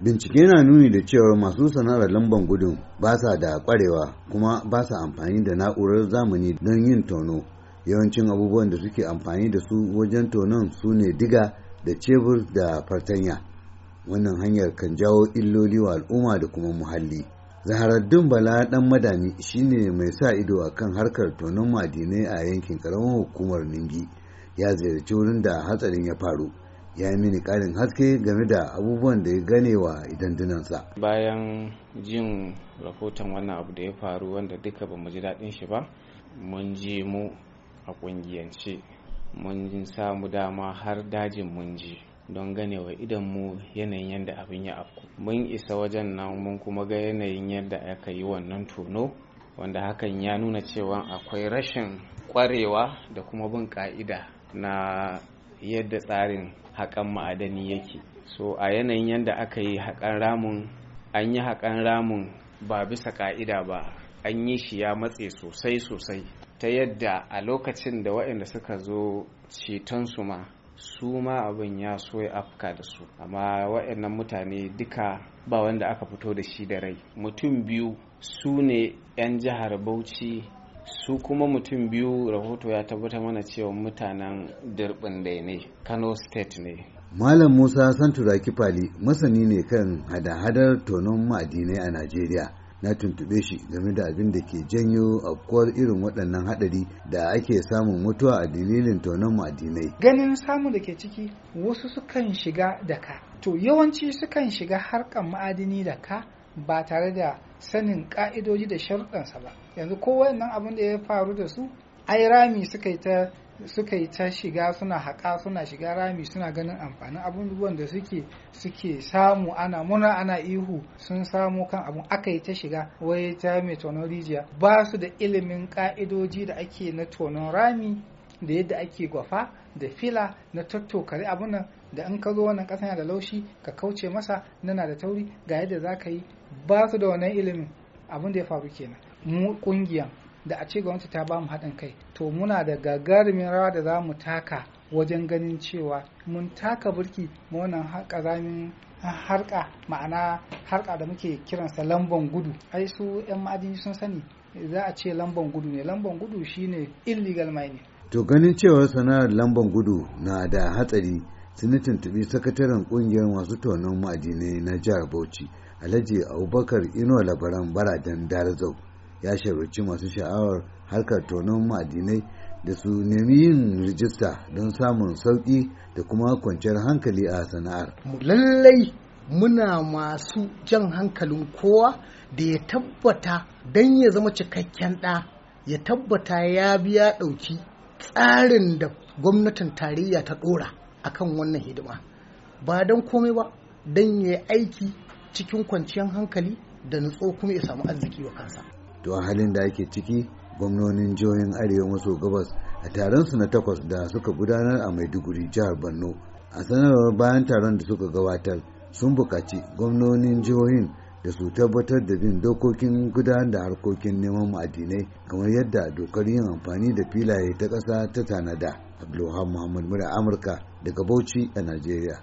bincike na nuni da cewa masu sana'ar lamban gudun ba sa da kwarewa kuma ba sa amfani da na'urar zamani don yin tono yawancin abubuwan da suke amfani da su wajen tonon su ne diga da cebur da fartanya wannan hanyar kan jawo illoli wa al'umma da kuma muhalli zaharaddin bala dan Madani shine mai sa ido a kan harkar tonon madinai a yankin karamar hukumar ningi ya ziyarci wurin da hatsarin ya faru ya yi mini karin haske game da abubuwan da ya gane wa idandunansa. Bayan jin rahoton wannan abu da ya faru wanda duka ba mu ji daɗin shi ba, mun ji mu a ƙungiyance, mun samu dama har dajin mun ji. don ganewa mu yanayin yadda abin ya afku mun isa wajen nan mun kuma ga yanayin yadda aka yi wannan tono wanda hakan ya nuna cewa akwai rashin kwarewa da kuma bin ka'ida na yadda tsarin haƙan ma'adani yake so a yanayin yadda aka yi haƙan ramun an yi haƙan ramun ba bisa ƙa'ida ba an yi shi ya matse sosai sosai ta yadda a lokacin da waɗanda suka zo ceton su ma su ma abin ya so ya afka da su amma waɗannan mutane duka ba wanda aka fito da shi da rai mutum biyu su ne 'yan jihar bauchi su kuma mutum biyu rahoto ya tabbata mana cewa mutanen dirbin da ne kano state ne malam musa santuraki fali masani ne kan hada-hadar tonon ma'adinai a najeriya na tuntube shi game da abin da ke janyo afkuwar irin waɗannan haɗari da ake samun mutuwa a dalilin tonon ma'adinai. Ganin samu da ke ciki wasu sukan shiga da ka. To yawanci sukan shiga harkan ma'adini da ka ba tare da sanin ka'idoji da sharɗansa ba yanzu ko wannan abin da ya faru da su ai rami suka yi ta shiga suna haƙa suna shiga rami suna ganin amfanin abubuwan da suke suke samu ana muna ana ihu sun samu kan abun aka yi ta shiga wai ta mai tonon rijiya ba su da ilimin ka'idoji da ake na tonon rami da yadda ake gwafa da fila na tattokare abin nan da in ka zo wannan ƙasa yana da laushi ka kauce masa nana da tauri ga yadda za ka yi ba su da wannan ilimin abin da ya faru kenan mu ƙungiyan da a ce gwamnati ta ba mu haɗin kai to muna da gagarumin rawa da za mu taka wajen ganin cewa mun taka burki ma wannan ƙazamin harƙa, ma'ana harƙa da muke kiransa lamban gudu ai su 'yan ma'adini sun sani za a ce lamban gudu ne lamban gudu shine illegal mining to ganin cewa sana'ar lamban gudu na da hatsari sun tuntubi sakataren kungiyar masu tonon ma'adinai na jihar bauchi alhaji abubakar ino labaran baradan darazau ya shawarci masu sha'awar harkar tonon ma'adinai da su nemi yin rijista don samun sauƙi da kuma kwanciyar hankali a sana'ar lallai muna masu jan hankalin kowa da ya tabbata don ya zama cikakken ɗa ya tabbata ya biya ɗauki tsarin da gwamnatin tarayya ta ɗora akan wannan hidima ba don komai ba don ya aiki cikin kwanciyar hankali da nutso kuma ya samu arziki wa kansa to a halin da ake ciki gwamnonin jihohin arewa maso gabas a taron su na takwas da suka gudanar a maiduguri jihar borno a sanarwar bayan taron da suka gabatar sun bukaci gwamnonin jihohin da su tabbatar da bin dokokin gudanar da harkokin neman ma'adinai kamar yadda dokar yin amfani da filaye ta ƙasa ta tanada. Abdullahi Muhammad Mura Amurka daga Bauchi a Najeriya.